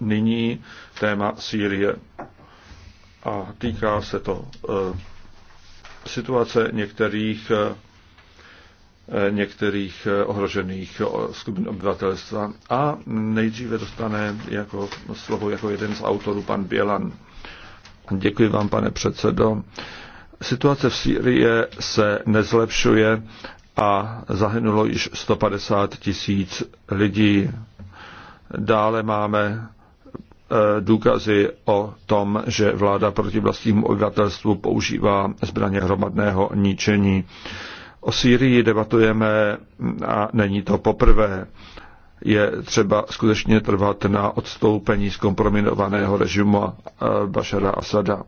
Nyní téma Sýrie. A týká se to eh, situace některých eh, některých eh, ohrožených skupin obyvatelstva. A nejdříve dostane jako slovo jako jeden z autorů pan Bělan. Děkuji vám, pane předsedo. Situace v Sýrii se nezlepšuje a zahynulo již 150 tisíc lidí. Dále máme Eh, důkazy o tom, že vláda proti vlastnímu obyvatelstvu používá zbraně hromadného ničení. O Sýrii debatujeme a není to poprvé. Je třeba skutečně trvat na odstoupení z kompromitovaného režimu eh, Bašara Asada.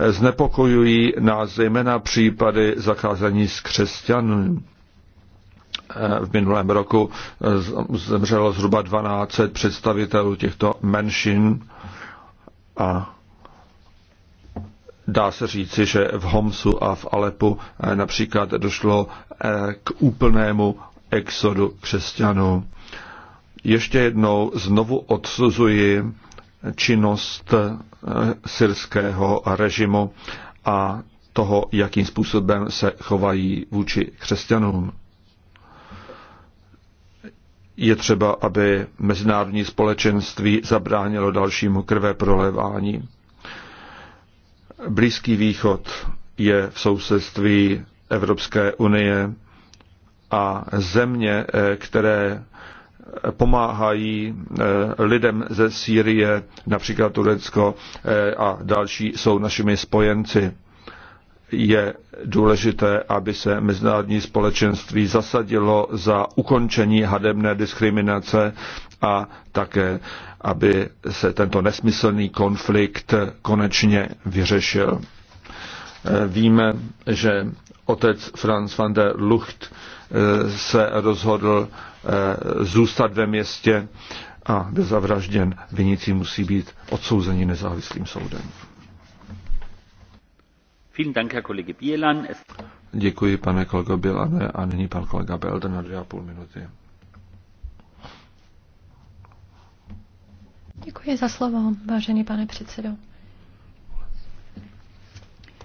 Eh, znepokojují nás zejména případy zacházení s křesťany. Eh, v minulém roku eh, zemřelo zhruba 12 představitelů těchto menšin a dá se říci, že v Homsu a v Alepu eh, například došlo k úplnému exodu křesťanů. Ještě jednou znovu odsuzuji činnost syrského režimu a toho, jakým způsobem se chovají vůči křesťanům je třeba, aby mezinárodní společenství zabránilo dalšímu krve prolévání. Blízký východ je v sousedství Evropské unie a země, eh, které pomáhají eh, lidem ze Sýrie, například Turecko eh, a další, jsou našimi spojenci je důležité, aby se mezinárodní společenství zasadilo za ukončení hadebné diskriminace a také, aby se tento nesmyslný konflikt konečně vyřešil. Víme, že otec Franz van der Lucht eh, se rozhodl eh, zůstat ve městě a byl zavražděn. Viníci musí být odsouzeni nezávislým soudem. Děkuji, pane kolego Bělane. A nyní pan kolega Belden na dvě a půl minuty. Děkuji za slovo, vážený pane předsedo.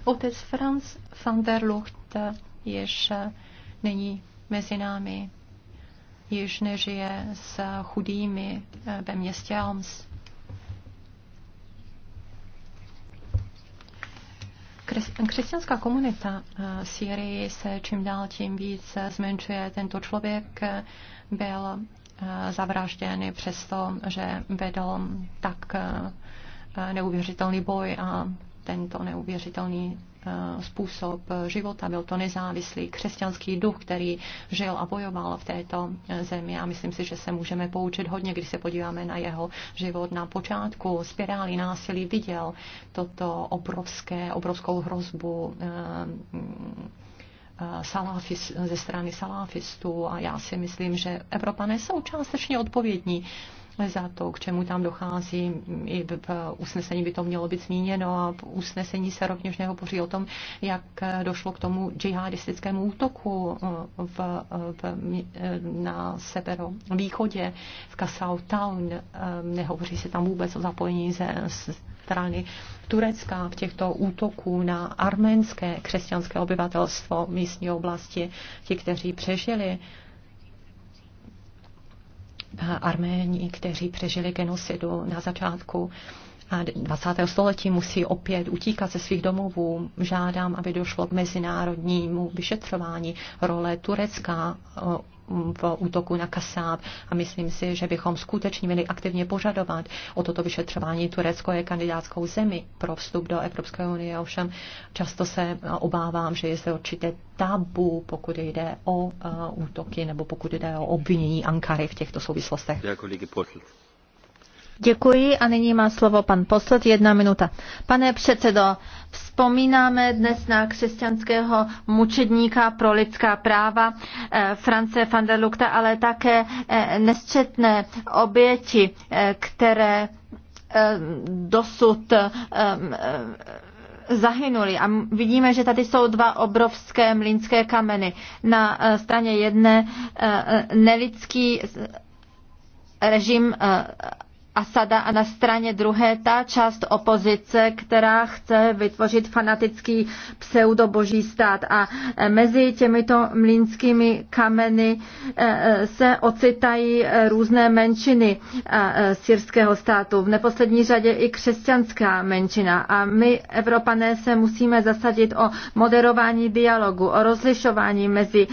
Otec Franz van der Lucht jež není mezi námi, již nežije s chudými ve městě Alms. křesťanská komunita eh, v Syrii se čím dál tím víc zmenšuje. Tento člověk eh, byl eh, zavražděn přesto, že vedl tak neuvěřitelný boj a tento neuvěřitelný Eh, způsob života. Byl to nezávislý křesťanský duch, který žil a bojoval v této eh, zemi a myslím si, že se můžeme poučit hodně, když se podíváme na jeho život na počátku. Spirály násilí viděl toto obrovské, obrovskou hrozbu eh, mm, salafis, ze strany salafistů a já si myslím, že Evropané jsou částečně odpovědní za to, k čemu tam dochází. I v usnesení by to mělo být zmíněno a v usnesení se rovněž nehovoří o tom, jak došlo k tomu džihadistickému útoku eh, v, v, eh, na severovýchodě, v Kasau Town. Eh, nehovoří se tam vůbec o zapojení ze strany Turecka v těchto útoků na arménské křesťanské obyvatelstvo místní oblasti, ti, kteří přežili Arméni, kteří přežili genocidu na začátku 20. století musí opět utíkat ze svých domovů. Žádám, aby došlo k mezinárodnímu vyšetřování role Turecka v útoku na Kasáb a myslím si, že bychom skutečně měli aktivně požadovat o toto vyšetřování. Turecko je kandidátskou zemi pro vstup do Evropské unie, ovšem často se obávám, že je zde určité tabu, pokud jde o útoky nebo pokud jde o obvinění Ankary v těchto souvislostech. Děkuji, Děkuji a nyní má slovo pan posled, jedna minuta. Pane předsedo, Vzpomínáme dnes na křesťanského mučedníka pro lidská práva eh, France van der Lukta, ale také eh, nesčetné oběti, eh, které dosud zahynuli. A vidíme, že tady jsou dva obrovské mlínské kameny. Na straně jedné nelidský režim Asada a na straně druhé ta část opozice, která chce vytvořit fanatický pseudoboží stát. A e, mezi těmito mlínskými kameny e, e, se ocitají různé menšiny syrského státu, v neposlední řadě i křesťanská menšina. A my, Evropané, se musíme zasadit o moderování dialogu, o rozlišování mezi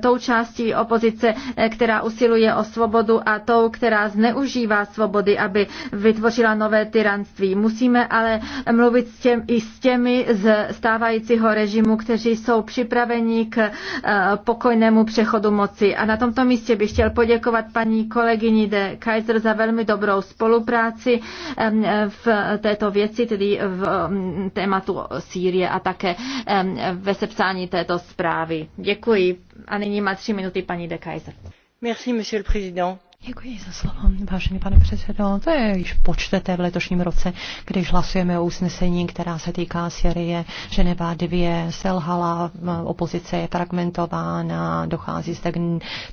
tou částí opozice, která usiluje o svobodu a tou, která zneužívá svobodu svobody, aby vytvořila nové tyranství. Musíme ale mluvit s těm, i s těmi z stávajícího režimu, kteří jsou připraveni k eh, pokojnému přechodu moci. A na tomto místě bych chtěl poděkovat paní kolegyni de Kaiser za velmi dobrou spolupráci v této věci, tedy v tématu Sýrie a také ve sepsání této zprávy. Děkuji. A nyní má tři minuty paní de Kaiser. Merci, monsieur le président Děkuji za slovo, vážený pane předsedo. To je již počtete v letošním roce, když hlasujeme o usnesení, která se týká Syrie. Ženeva 2 selhala, eh, opozice je fragmentována, dochází zde k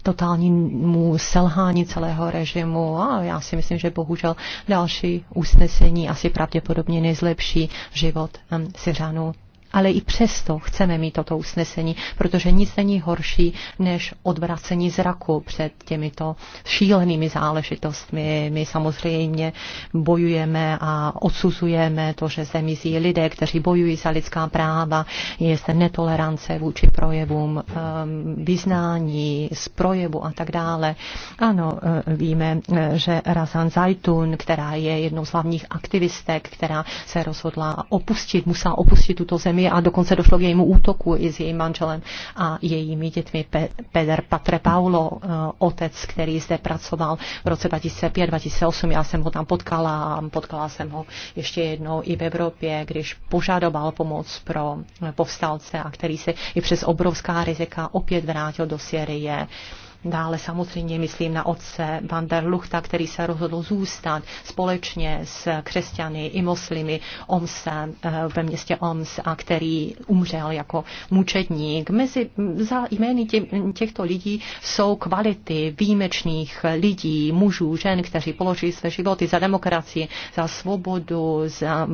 totálnímu selhání celého režimu a já si myslím, že bohužel další usnesení asi pravděpodobně nezlepší život eh, Syřanů ale i přesto chceme mít toto usnesení, protože nic není horší než odvracení zraku před těmito šílenými záležitostmi. My samozřejmě bojujeme a odsuzujeme to, že se mizí lidé, kteří bojují za lidská práva, je zde netolerance vůči projevům ehm, vyznání, z projevu a tak dále. Ano, eh, víme, eh, že Razan Zaitun, která je jednou z hlavních aktivistek, která se rozhodla opustit, musela opustit tuto zemi, zemi a dokonce došlo k jejímu útoku i s jejím manželem a jejími dětmi. Peder Patre Paulo, eh, otec, který zde pracoval v roce 2005-2008, já jsem ho tam potkala a potkala jsem ho ještě jednou i v Evropě, když požadoval pomoc pro povstalce a který se i přes obrovská rizika opět vrátil do Syrie. Dále samozřejmě myslím na otce Van der Luchta, který se rozhodl zůstat společně s křesťany i moslimy Omse eh, ve městě Oms a který umřel jako mučedník. Mezi za jmény tě, těchto lidí jsou kvality výjimečných lidí, mužů, žen, kteří položili své životy za demokracii, za svobodu, za,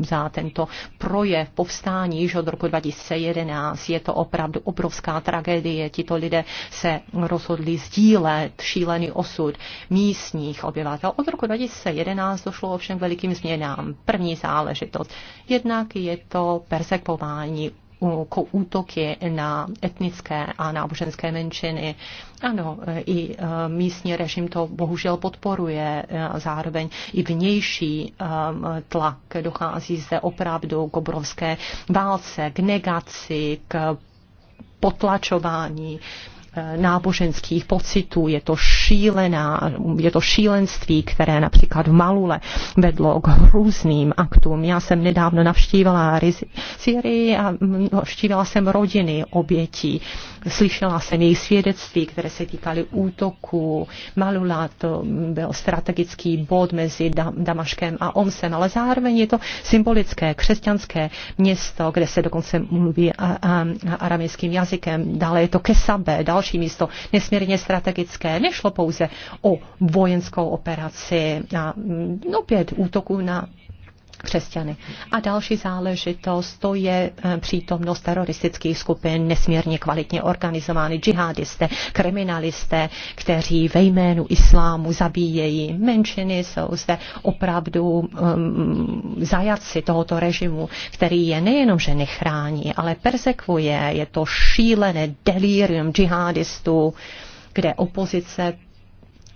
za tento projev povstání již od roku 2011. Je to opravdu obrovská tragédie. Tito lidé se rozhodli sdílet šílený osud místních obyvatel. Od roku 2011 došlo ovšem k velikým změnám. První záležitost. Jednak je to persekování útoky na etnické a náboženské menšiny. Ano, i e, místní režim to bohužel podporuje, e, zároveň i vnější e, tlak dochází zde opravdu k obrovské válce, k negaci, k potlačování Eh, náboženských pocitů. Je to, šílená, je to šílenství, které například v Malule vedlo k různým aktům. Já jsem nedávno navštívila Syrii a navštívila jsem rodiny obětí. Slyšela jsem jejich svědectví, které se týkaly útoku. Malula to byl strategický bod mezi Damaškem a Omsem, ale zároveň je to symbolické křesťanské město, kde se dokonce mluví aramejským jazykem. Dále je to Kesabe, další další místo nesmírně strategické. Nešlo pouze o vojenskou operaci na mm, opět útoku na křesťany. A další záležitost to je eh, přítomnost teroristických skupin, nesmírně kvalitně organizovány džihadisté, kriminalisté, kteří ve jménu islámu zabíjejí menšiny, jsou zde opravdu um, mm, zajatci tohoto režimu, který je nejenom, že nechrání, ale persekvuje, je to šílené delirium džihadistů, kde opozice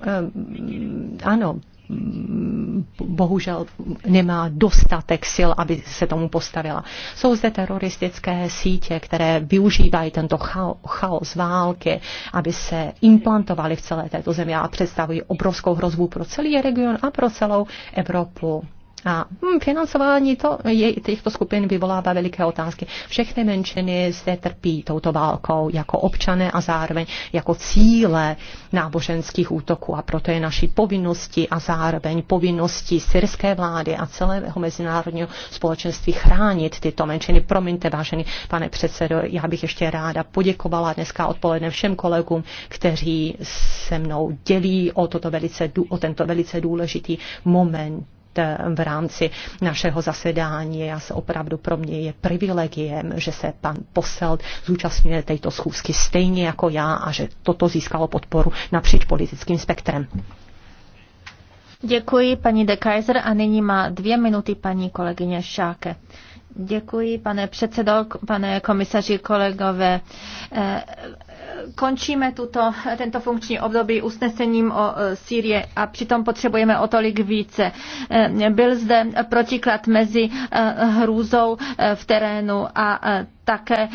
um, ano, Mm, bohužel nemá dostatek sil, aby se tomu postavila. Jsou zde teroristické sítě, které využívají tento chaos války, aby se implantovali v celé této zemi a představují obrovskou hrozbu pro celý region a pro celou Evropu. A hm, financování to, je, těchto skupin vyvolává veliké otázky. Všechny menšiny zde trpí touto válkou jako občané a zároveň jako cíle náboženských útoků. A proto je naší povinnosti a zároveň povinnosti syrské vlády a celého mezinárodního společenství chránit tyto menšiny. Promiňte, vážený pane předsedo, já bych ještě ráda poděkovala dneska odpoledne všem kolegům, kteří se mnou dělí o, toto velice, o tento velice důležitý moment Eh, v rámci našeho zasedání. Já se opravdu pro mě je privilegiem, že se pan Posel zúčastňuje této schůzky stejně jako já a že toto získalo podporu napříč politickým spektrem. Děkuji paní de Kaiser a nyní má dvě minuty paní kolegyně Šáke. Děkuji, pane předsedo, pane komisaři, kolegové. Eh, končíme tuto, tento funkční období usnesením o e, Sýrie a přitom potřebujeme o tolik více. E, byl zde protiklad mezi e, hrůzou v terénu a také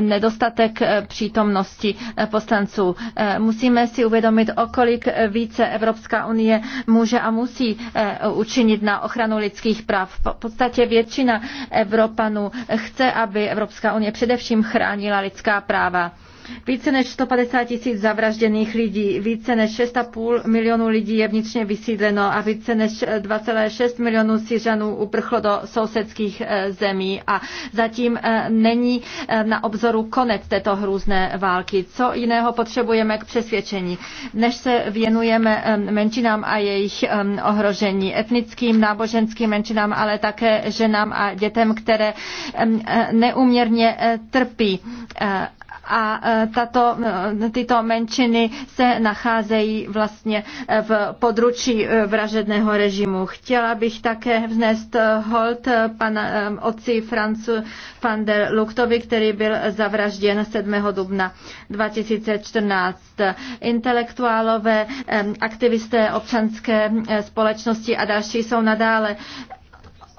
nedostatek přítomnosti poslanců. Musíme si uvědomit, kolik více Evropská unie může a musí učinit na ochranu lidských práv. V podstatě většina Evropanů chce, aby Evropská unie především chránila lidská práva. Více než 150 tisíc zavražděných lidí, více než 6,5 milionů lidí je vnitřně vysídleno a více než 2,6 milionů Syřanů uprchlo do sousedských eh, zemí a zatím eh, není eh, na obzoru konec této hrůzné války. Co jiného potřebujeme k přesvědčení? Než se věnujeme menšinám a jejich ohrožení, etnickým, náboženským menšinám, ale také ženám a dětem, které neuměrně trpí a e, tato, e, tyto menšiny se nacházejí vlastně e, v područí vražedného režimu. Chtěla bych také vznést hold pana otci Francu van der Luktovi, který byl zavražděn 7. dubna 2014. Intelektuálové, aktivisté občanské společnosti a další jsou nadále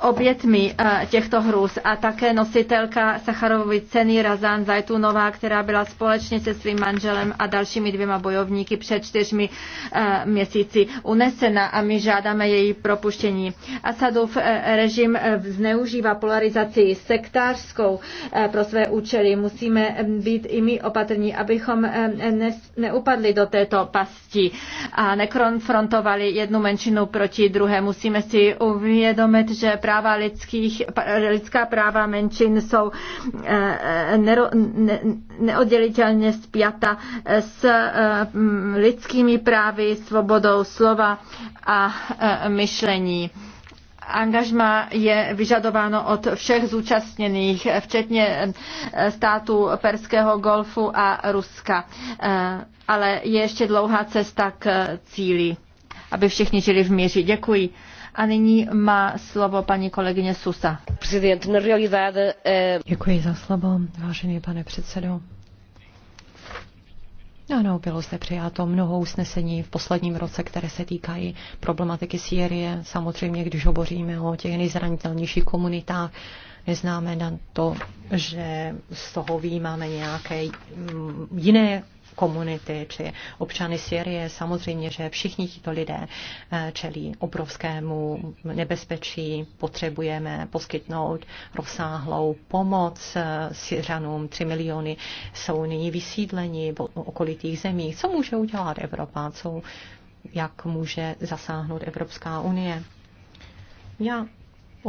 obětmi eh, těchto hrůz a také nositelka Sacharovovy ceny Razan Zajtunová, která byla společně se svým manželem a dalšími dvěma bojovníky před čtyřmi eh, měsíci unesena a my žádáme její propuštění. Asadův eh, režim zneužívá polarizaci sektářskou pro své účely. Musíme být i my opatrní, abychom neupadli do této pasti a nekonfrontovali jednu menšinu proti druhé. Musíme si uvědomit, že práva lidských, lidská práva menšin jsou eh, eh, neoddělitelně spjata eh, s lidskými právy, svobodou slova a myšlení angažma je vyžadováno od všech zúčastněných, včetně států Perského golfu a Ruska. Ale je ještě dlouhá cesta k cíli, aby všichni žili v míři. Děkuji. A nyní má slovo paní kolegyně Susa. na eh, Děkuji za slovo, vážený pane předsedo. Ano, bylo zde přijato mnoho usnesení v posledním roce, které se týkají problematiky Sýrie. Samozřejmě, když hovoříme o těch nejzranitelnějších komunitách, na to, že z toho výjímáme nějaké mm, jiné komunity či občany Syrie. Samozřejmě, že všichni tito lidé eh, čelí obrovskému nebezpečí. Potřebujeme poskytnout rozsáhlou pomoc eh, Syřanům. 3 miliony jsou nyní vysídleni v okolitých zemích. Co může udělat Evropa? Co, jak může zasáhnout Evropská unie? Já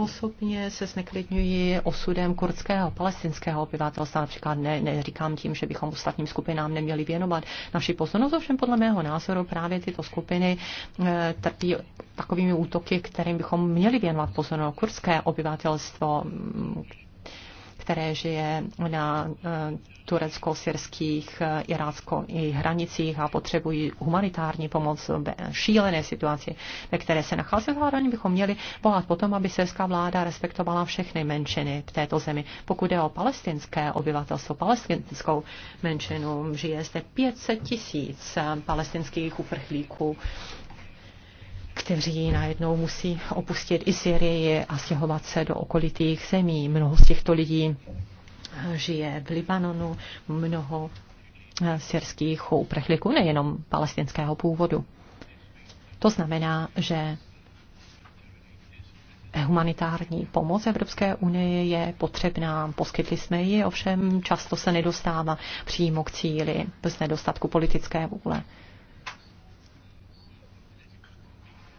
Osobně se zneklidňuji osudem kurdského palestinského obyvatelstva. Například ne, neříkám tím, že bychom ostatním skupinám neměli věnovat naši pozornost, ovšem podle mého názoru právě tyto skupiny e, trpí takovými útoky, kterým bychom měli věnovat pozornost. Kurdské obyvatelstvo, které žije na eh, turecko-syrských, eh, irácko i hranicích a potřebují humanitární pomoc v šílené situaci, ve které se nachází. Zároveň bychom měli volat potom, aby syrská vláda respektovala všechny menšiny v této zemi. Pokud je o palestinské obyvatelstvo, palestinskou menšinu, žije zde 500 tisíc eh, palestinských uprchlíků kteří najednou musí opustit i Syrii a stěhovat se do okolitých zemí. Mnoho z těchto lidí eh, žije v Libanonu, mnoho eh, syrských uprchlíků, nejenom palestinského původu. To znamená, že humanitární pomoc Evropské unie je potřebná. Poskytli jsme ji, ovšem často se nedostává přímo k cíli bez nedostatku politické vůle.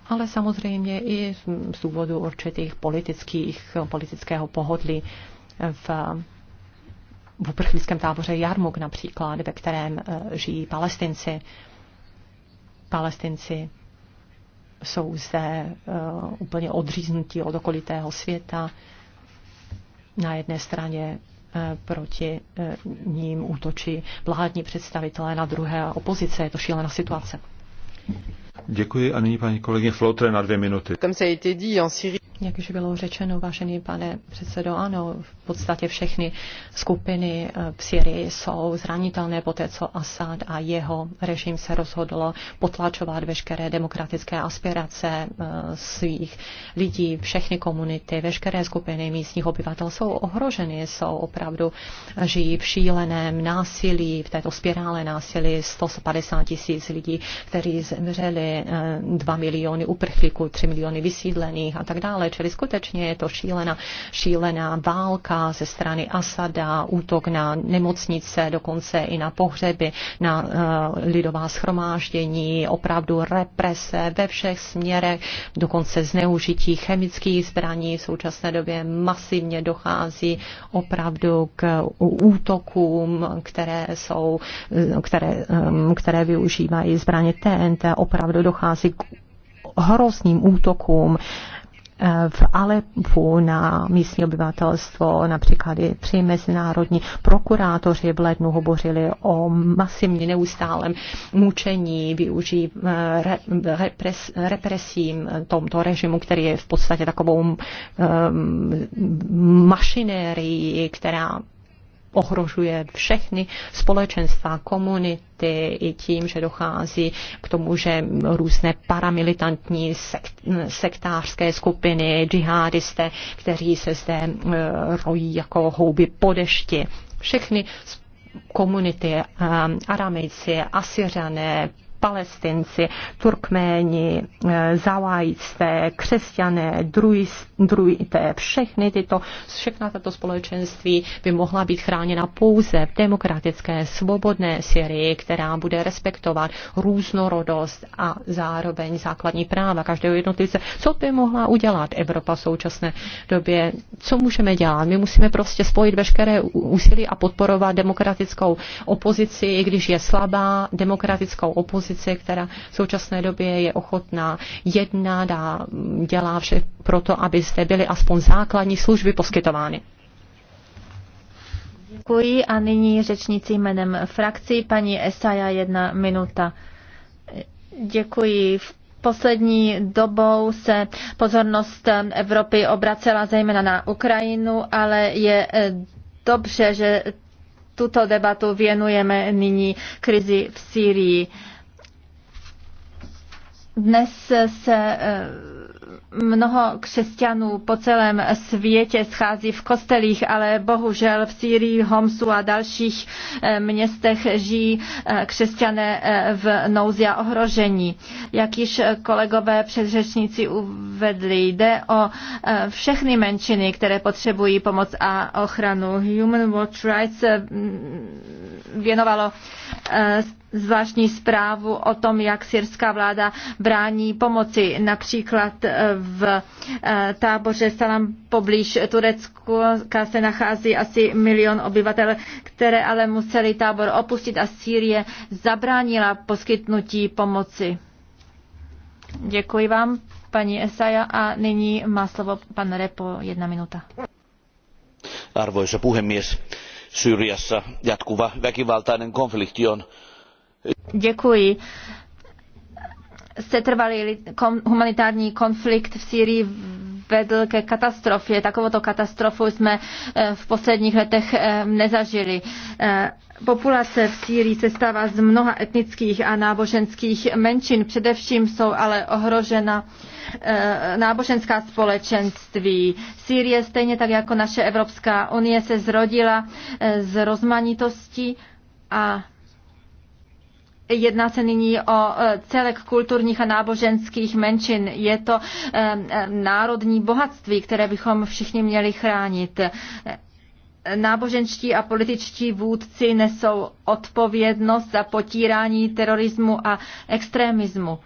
ale samozřejmě i z důvodu určitých politických, politického pohodlí v v uprchlickém táboře Jarmuk například, ve kterém eh, žijí palestinci. Palestinci jsou zde eh, úplně odříznutí od okolitého světa. Na jedné straně eh, proti ním útočí vládní představitelé, na druhé opozice. Je to šílená situace. Děkuji a nyní paní kolegyně Flotre na dvě minuty. Jak už bylo řečeno, vážený pane předsedo, ano, v podstatě všechny skupiny eh, v Syrii jsou zranitelné po té, co Assad a jeho režim se rozhodlo potlačovat veškeré demokratické aspirace eh, svých lidí, všechny komunity, veškeré skupiny místních obyvatel jsou ohroženy, jsou opravdu, eh, žijí v šíleném násilí, v této spirále násilí 150 tisíc lidí, kteří zemřeli, 2 miliony uprchlíků, 3 miliony vysídlených a tak dále Sýrie, čili skutečně je to šílená, šílená válka ze strany Asada, útok na nemocnice, dokonce i na pohřeby, na uh, lidová schromáždění, opravdu represe ve všech směrech, dokonce zneužití chemických zbraní. V současné době masivně dochází opravdu k útokům, které jsou, eh, které, eh, které využívají zbraně TNT. Opravdu dochází k hrozným útokům v Alepu na místní obyvatelstvo, například i tři mezinárodní prokurátoři v lednu hovořili o masivně neustálem mučení, využív eh, repres, represím tomto režimu, který je v podstatě takovou um, eh, mašinérií, která ohrožuje všechny společenstva, komunity i tím, že dochází k tomu, že různé paramilitantní sekt, sektářské skupiny, džihadisté, kteří se zde e, rojí jako houby po dešti. Všechny komunity, e, Aramejci, Asiřané, Palestinci, Turkméni, eh, Zawajisté, křesťané, druité, všechny tyto, všechna tato společenství by mohla být chráněna pouze v demokratické, svobodné Syrii, která bude respektovat různorodost a zároveň základní práva každého jednotlivce. Co by mohla udělat Evropa v současné době? Co můžeme dělat? My musíme prostě spojit veškeré úsilí a podporovat demokratickou opozici, i když je slabá, demokratickou opozici opozici, která v současné době je ochotná jednat a dělá vše proto, aby zde byly aspoň základní služby poskytovány. Děkuji a nyní řečnici jménem frakcí paní Esaja jedna minuta. Děkuji. V poslední dobou se pozornost Evropy obracela zejména na Ukrajinu, ale je eh, dobře, že tuto debatu věnujeme nyní krizi v Syrii. Dnes se eh, mnoho křesťanů po celém světě schází v kostelích, ale bohužel v Sýrii, Homsu a dalších eh, městech žijí eh, křesťané v nouzi a ohrožení. Jak již kolegové předřečníci uvedli, jde o všechny menšiny, které potřebují pomoc a ochranu. Human Rights Rights věnovalo zvláštní zprávu o tom, jak syrská vláda brání pomoci. Například eh, v eh, táboře Salam poblíž Turecku se nachází asi milion obyvatel, které ale museli tábor opustit a Sýrie zabránila poskytnutí pomoci. Děkuji vám, paní Esaja, a nyní má slovo pan Repo, jedna minuta. Arvoisa puhemies, Syriassa jatkuva väkivaltainen konflikti on Děkuji setrvalý humanitární konflikt v Syrii vedl ke katastrofě. Takovouto katastrofu jsme eh, v posledních letech eh, nezažili. Eh, populace v Sýrii se stává z mnoha etnických a náboženských menšin. Především jsou ale ohrožena náboženská společenství. Sýrie, stejně tak jako naše Evropská unie, se zrodila z rozmanitosti a Jedná se nyní o e, celek kulturních a náboženských menšin. Je to e, e, národní bohatství, které bychom všichni měli chránit náboženští a političtí vůdci nesou odpovědnost za potírání terorismu a extremismu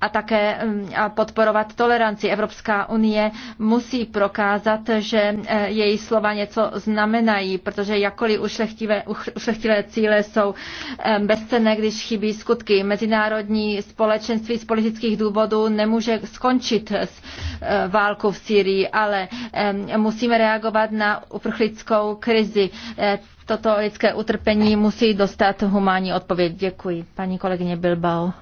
a také mm, podporovat toleranci. Evropská unie musí prokázat, že eh, její slova něco znamenají, protože jakkoliv ušlechtilé cíle jsou eh, bezcenné, když chybí skutky. Mezinárodní společenství z politických důvodů nemůže skončit s eh, válkou v Syrii, ale musíme reagovat na uprchlickou krizi toto lidské utrpení musí dostat humánní odpověď. Děkuji. Paní kolegyně Bilbao.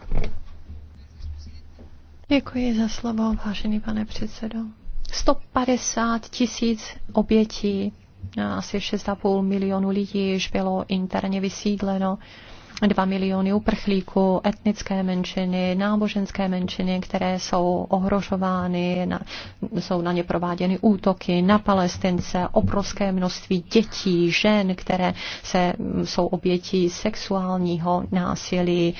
Děkuji za slovo, vážený pane předsedo. 150 tisíc obětí, asi 6,5 milionu lidí již bylo interně vysídleno, 2 miliony uprchlíků, etnické menšiny, náboženské menšiny, které jsou ohrožovány, na, jsou na ně prováděny útoky, na palestince, obrovské množství dětí, žen, které se, jsou obětí sexuálního násilí,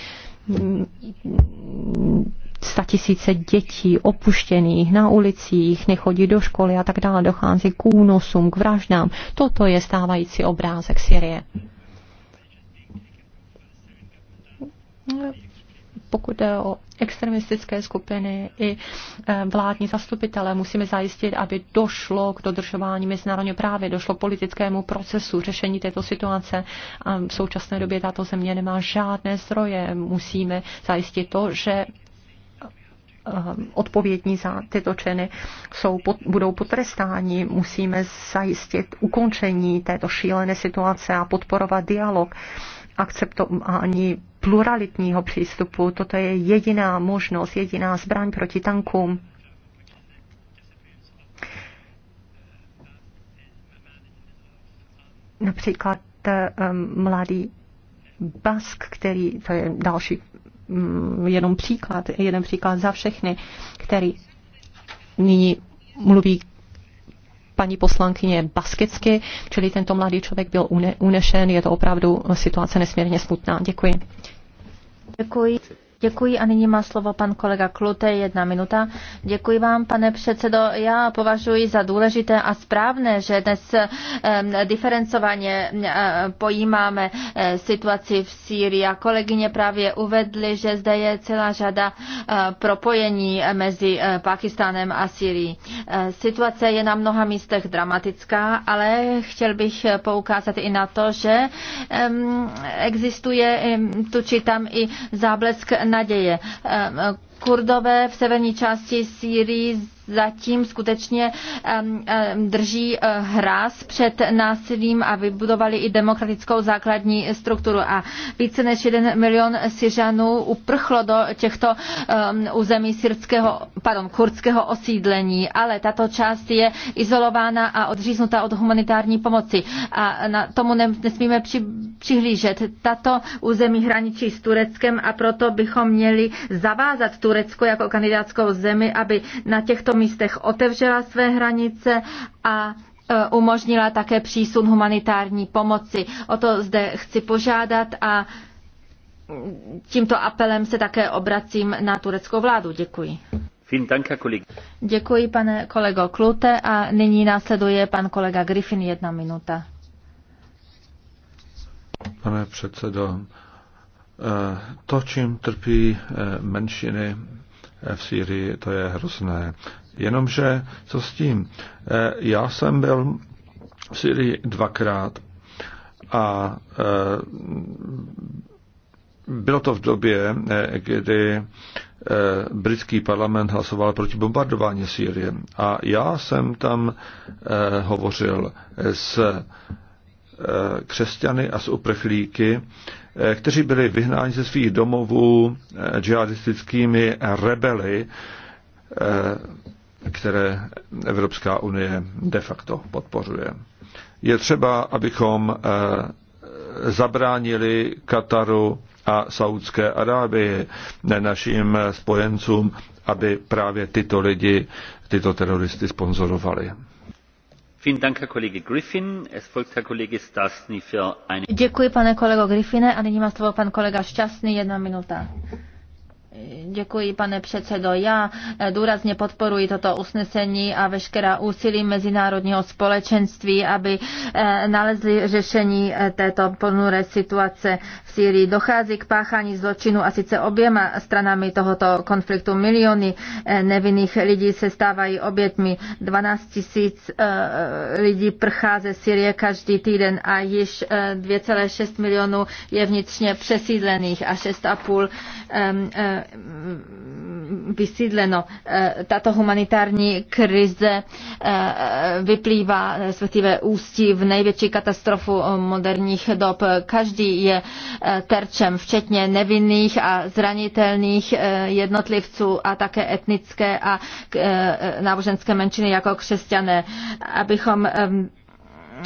statisíce dětí opuštěných na ulicích, nechodí do školy a tak dále, dochází k únosům, k vraždám. Toto je stávající obrázek Syrie. Pokud jde o extremistické skupiny i e, vládní zastupitele, musíme zajistit, aby došlo k dodržování mezinárodního právě, došlo k politickému procesu řešení této situace. A v současné době tato země nemá žádné zdroje. Musíme zajistit to, že Um, odpovědní za tyto činy jsou, budou potrestáni. Musíme zajistit ukončení této šílené situace a podporovat dialog akceptování pluralitního přístupu. Toto je jediná možnost, jediná zbraň proti tankům. Například eh, mladý Bask, který, to je další Mm, jenom příklad, jeden příklad za všechny, který nyní mluví paní poslankyně baskicky, čili tento mladý člověk byl une, unešen, je to opravdu situace nesmírně smutná. Děkuji. Děkuji. Děkuji a nyní má slovo pan kolega Klute, jedna minuta. Děkuji vám, pane předsedo. Já považuji za důležité a správné, že dnes diferencovaně pojímáme e, situaci v Sýrii a kolegyně právě uvedly, že zde je celá řada e, propojení mezi e, Pakistánem a Sýrií. Situace je na mnoha místech dramatická, ale chtěl bych poukázat i na to, že existuje tu či tam i záblesk naděje. Ehm, eh, Kurdové v severní části Sýrii zatím skutečně drží eh, hráz před násilím a vybudovali i demokratickou základní strukturu. A více než jeden milion Syřanů uprchlo do těchto území syrského, pardon, kurdského osídlení, ale tato část je izolována a odříznuta od humanitární pomoci. A na tomu nesmíme při, přihlížet. Tato území hraničí s Tureckem a proto bychom měli zavázat Turecko jako kandidátskou zemi, aby na těchto místech otevřela své hranice a e, umožnila také přísun humanitární pomoci. O to zde chci požádat a tímto apelem se také obracím na tureckou vládu. Děkuji. Děkuji, pane kolego Klute. A nyní následuje pan kolega Griffin, jedna minuta. Pane předsedo, e, to, čím trpí e, menšiny v Sýrii, to je hrozné. Jenomže co s tím? Eh, já jsem byl v Syrii dvakrát a eh, bylo to v době, eh, kdy britský parlament hlasoval proti bombardování Sýrie. A já jsem tam hovořil s křesťany a s uprchlíky, kteří byli vyhnáni ze svých domovů džihadistickými rebely, které Evropská unie de facto podpořuje. Je třeba, abychom eh, zabránili Kataru a Saudské Arábie našim spojencům, aby právě tyto lidi, tyto teroristy sponzorovali. Děkuji, pane kolego Griffine. A nyní má slovo pan kolega Šťastný, jedna minuta. Děkuji, pane předsedo. Já eh, důrazně podporuji toto usnesení a veškerá úsilí mezinárodního společenství, aby eh, nalezli řešení eh, této ponuré situace v Syrii. Dochází k páchání zločinu a sice oběma stranami tohoto konfliktu. Miliony nevinných lidí se stávají obětmi. 12 tisíc lidí prchá ze Syrie každý týden a již 2,6 milionů je vnitřně přesídlených a 6,5 vysídleno. Eh, tato humanitární krize eh, vyplývá, respektive ústí v největší katastrofu eh, moderních dob. Každý je terčem, včetně nevinných a zranitelných jednotlivců a také etnické a náboženské menšiny jako křesťané. Abychom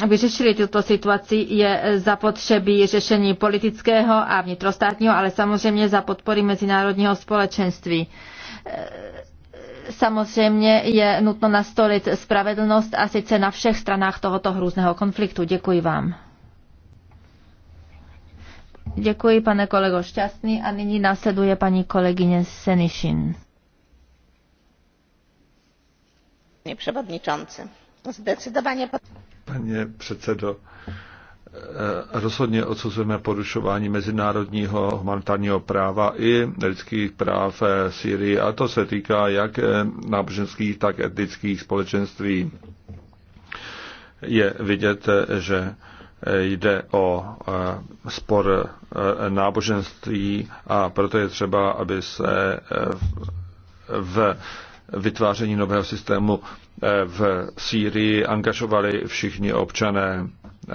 vyřešili tuto situaci, je zapotřebí řešení politického a vnitrostátního, ale samozřejmě za podpory mezinárodního společenství samozřejmě je nutno nastolit spravedlnost a sice na všech stranách tohoto hrůzného konfliktu. Děkuji vám. Děkuji, pane kolego Šťastný. A nyní následuje paní kolegyně Senišin. Zdecydowanie. Paně předsedo, eh, rozhodně odsuzujeme porušování mezinárodního humanitárního práva i lidských práv eh, v Syrii a to se týká jak eh, náboženských, tak etnických společenství. Je vidět, že jde o spor náboženství a proto je třeba, aby se v vytváření nového systému v Sýrii angažovali všichni občané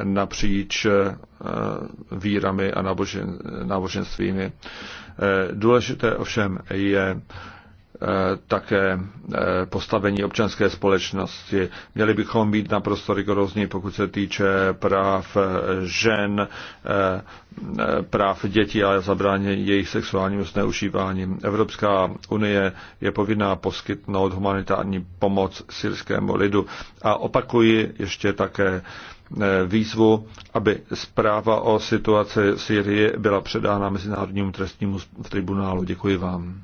napříč eh, vírami a náboženstvími. Eh, důležité ovšem je také eh, postavení občanské společnosti. Měli bychom být naprosto rigorózní, pokud se týče práv eh, žen, eh, práv dětí a zabrání jejich sexuálnímu zneužívání. Evropská unie je povinná poskytnout humanitární pomoc syrskému lidu. A opakuji ještě také výzvu, aby zpráva o situaci Syrie byla předána Mezinárodnímu trestnímu tribunálu. Děkuji vám.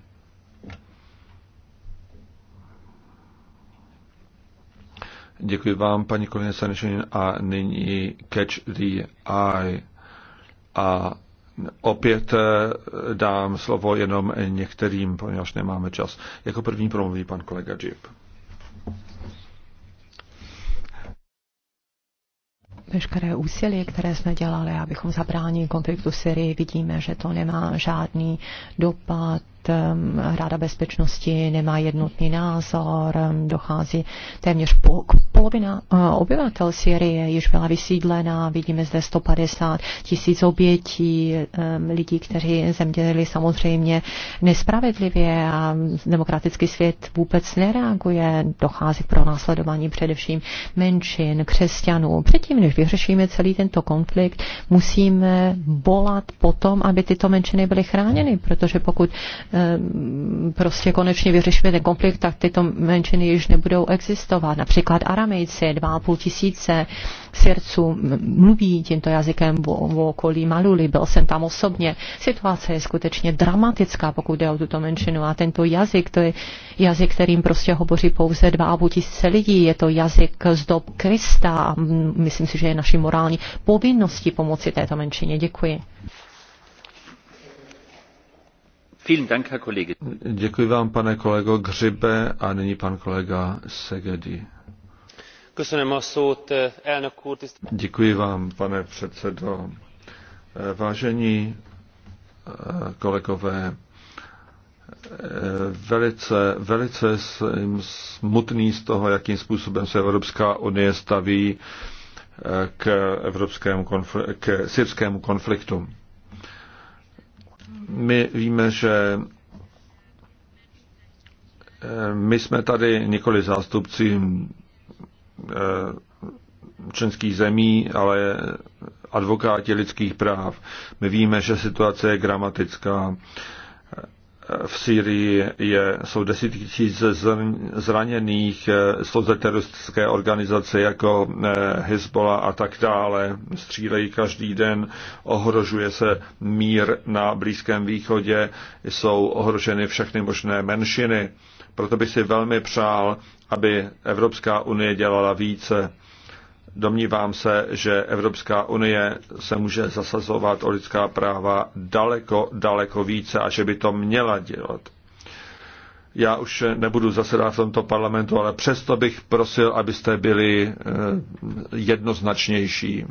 Děkuji vám, paní kolegyně Sanešin, a nyní Catch the Eye. A opět eh, dám slovo jenom některým, poněvadž nemáme čas. Jako první promluví pan kolega Jip. veškeré úsilí, které jsme dělali, abychom zabránili konfliktu v Syrii, vidíme, že to nemá žádný dopad Ehm, Rada bezpečnosti nemá jednotný názor, ehm, dochází téměř polovina eh, obyvatel Syrie již byla vysídlena, vidíme zde 150 tisíc obětí, ehm, lidí, kteří zemdělili samozřejmě nespravedlivě a demokratický svět vůbec nereaguje, dochází pro následování především menšin, křesťanů. Předtím, než vyřešíme celý tento konflikt, musíme bolat potom, aby tyto menšiny byly chráněny, protože pokud Ehm, prostě konečně vyřešíme ten konflikt, tak tyto menšiny již nebudou existovat. Například Aramejci, 2,5 tisíce svědců mluví tímto jazykem v okolí Maluli. Byl jsem tam osobně. Situace je skutečně dramatická, pokud jde o tuto menšinu. A tento jazyk, to je jazyk, kterým prostě hovoří pouze 2,5 tisíce lidí. Je to jazyk z dob Krista. Myslím si, že je naší morální povinností pomoci této menšině. Děkuji. Děkuji vám, pane kolego Gřibe, a nyní pan kolega Segedi. Děkuji vám, pane předsedo. Vážení eh, kolegové, eh, velice, velice smutný z toho, jakým způsobem se Evropská unie staví eh, k, evropskému k syrskému konfliktu. My víme, že eh, my jsme tady nikoli zástupci eh, členských zemí, ale advokáti lidských práv. My víme, že situace je gramatická v Syrii je, jsou desítky tisíc zraněných, eh, jsou zde teroristické organizace jako eh, Hezbollah a tak dále, střílejí každý den, ohrožuje se mír na Blízkém východě, jsou ohroženy všechny možné menšiny. Proto bych si velmi přál, aby Evropská unie dělala více Domnívám se, že Evropská unie se může zasazovat o lidská práva daleko, daleko více a že by to měla dělat. Já už nebudu zasedat v tomto parlamentu, ale přesto bych prosil, abyste byli eh, jednoznačnější.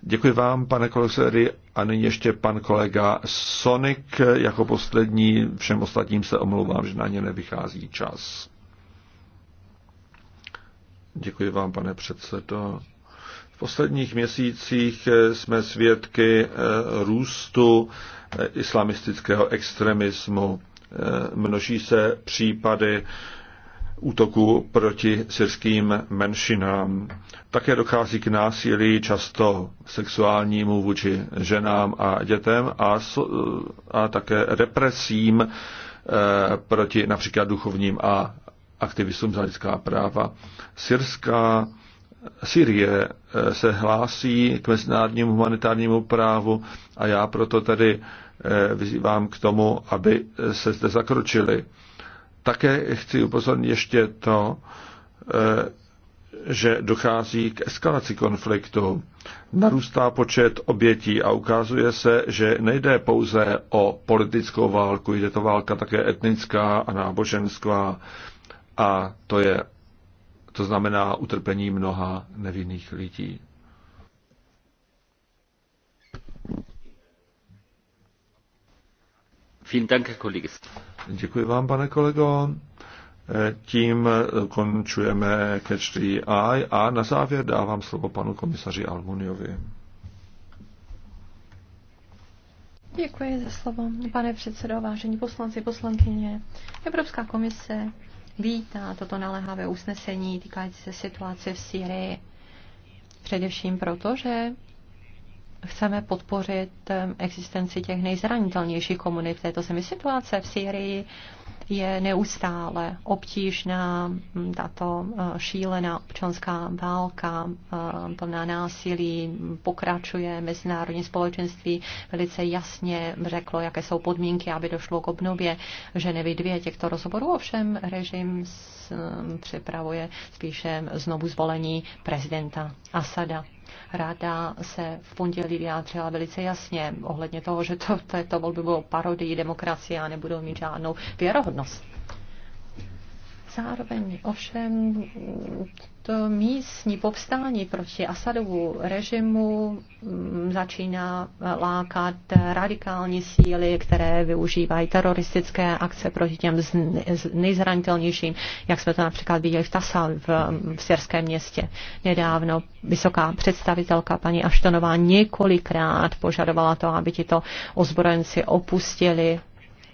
Děkuji vám, pane kolegovi, a nyní ještě pan kolega Sonik jako poslední. Všem ostatním se omlouvám, že na ně nevychází čas. Děkuji vám, pane předsedo. V posledních měsících jsme svědky eh, růstu eh, islamistického extremismu. Eh, množí se případy útoku proti syrským menšinám. Také dochází k násilí, často sexuálnímu vůči ženám a dětem a, a také represím proti například duchovním a aktivistům za lidská práva. Syrská Syrie eh, se hlásí k mezinárodnímu humanitárnímu právu a já proto tedy eh, vyzývám k tomu, aby se zde zakročili. Také chci upozornit ještě to, eh, že dochází k eskalaci konfliktu. Narůstá počet obětí a ukazuje se, že nejde pouze o politickou válku, jde to válka také etnická a náboženská a to je, to znamená utrpení mnoha nevinných lidí. Děkuji vám, pane kolego. Tím končujeme Catch the Eye a na závěr dávám slovo panu komisaři Almuniovi. Děkuji za slovo, pane předsedo, vážení poslanci, poslankyně. Evropská komise vítá toto naléhavé usnesení týkající se situace v Syrii. Především proto, že chceme podpořit existenci těch nejzranitelnějších komunit v této zemi. Situace v Syrii je neustále obtížná tato e, šílená občanská válka e, plná násilí, pokračuje mezinárodní společenství velice jasně řeklo, jaké jsou podmínky, aby došlo k obnově že nevydvě těchto rozhovorů. Ovšem režim připravuje spíše znovu zvolení prezidenta Asada. Rada se v pondělí vyjádřila velice jasně ohledně toho, že to, této volby budou parodii demokracie a nebudou mít žádnou věru věrohodnost. Zároveň ovšem to místní povstání proti Asadovu režimu mm, začíná lákat radikální síly, které využívají teroristické akce proti těm nejzranitelnějším, jak jsme to například viděli v Tasa v, v syrském městě nedávno. Vysoká představitelka paní Aštonová několikrát požadovala to, aby tito ozbrojenci opustili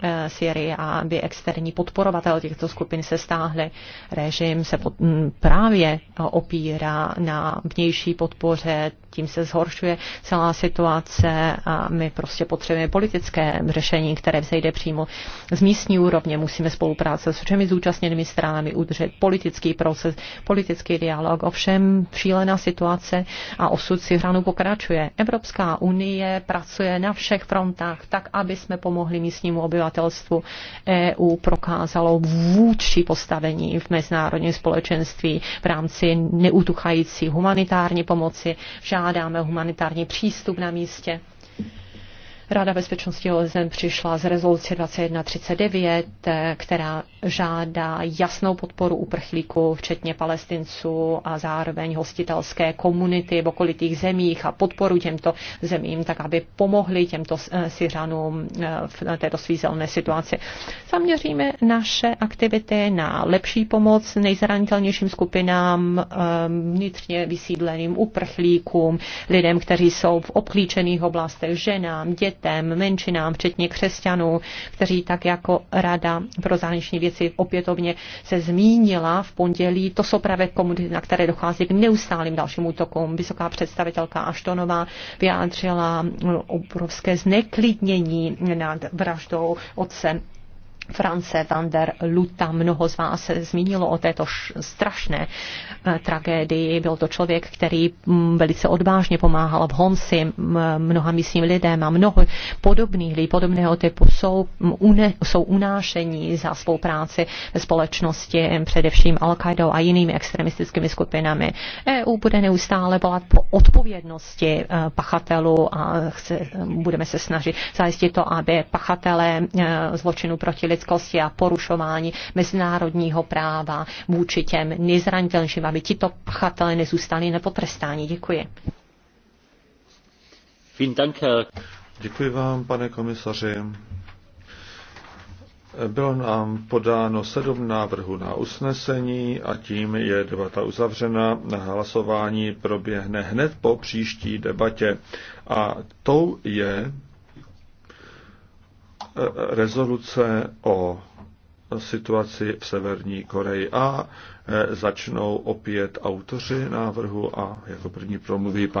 Eh, Syrii a aby externí podporovatel těchto skupin se stáhli. Režim se pod, právě opírá na vnější podpoře, tím se zhoršuje celá situace a my prostě potřebujeme politické řešení, které vzejde přímo z místní úrovně. Musíme spolupráce s všemi zúčastněnými stranami udržet politický proces, politický dialog. Ovšem šílená situace a osud hranu pokračuje. Evropská unie pracuje na všech frontách tak, aby jsme pomohli místnímu obyvatelům obyvatelstvu EU prokázalo vůči postavení v mezinárodním společenství v rámci neutuchající humanitární pomoci. Žádáme humanitární přístup na místě. Rada bezpečnosti OSN přišla z rezoluce 2139, která žádá jasnou podporu uprchlíků, včetně palestinců a zároveň hostitelské komunity v okolitých zemích a podporu těmto zemím, tak aby pomohli těmto eh, Syřanům eh, v této svízelné situaci. Zaměříme naše aktivity na lepší pomoc nejzranitelnějším skupinám, ehm, vnitřně vysídleným uprchlíkům, lidem, kteří jsou v obklíčených oblastech, ženám, dětem, dětem, menšinám, včetně křesťanů, kteří tak jako Rada pro zahraniční věci opětovně se zmínila v pondělí. To jsou právě komunity, na které dochází k neustálým dalším útokům. Vysoká představitelka Aštonová vyjádřila obrovské zneklidnění nad vraždou otce France van der Luta. Mnoho z vás se zmínilo o této strašné eh, tragédii. Byl to člověk, který mm, velice odvážně pomáhal v Homsi mnoha místním lidem a mnoho podobných lidí podobného typu jsou, une, jsou unášení za svou práci ve společnosti, především al a jinými extremistickými skupinami. EU bude neustále volat po odpovědnosti eh, pachatelů a chce, budeme se snažit zajistit to, aby pachatelé eh, zločinu proti lidem lidskosti a porušování mezinárodního práva vůči těm nejzranitelnějším, aby tito pachatelé nezůstali nepotrestáni. Děkuji. Děkuji vám, pane komisaři. Bylo nám podáno sedm návrhů na usnesení a tím je debata uzavřena. Hlasování proběhne hned po příští debatě a tou je rezoluce o situaci v Severní Koreji a e, začnou opět autoři návrhu a jako první promluví pan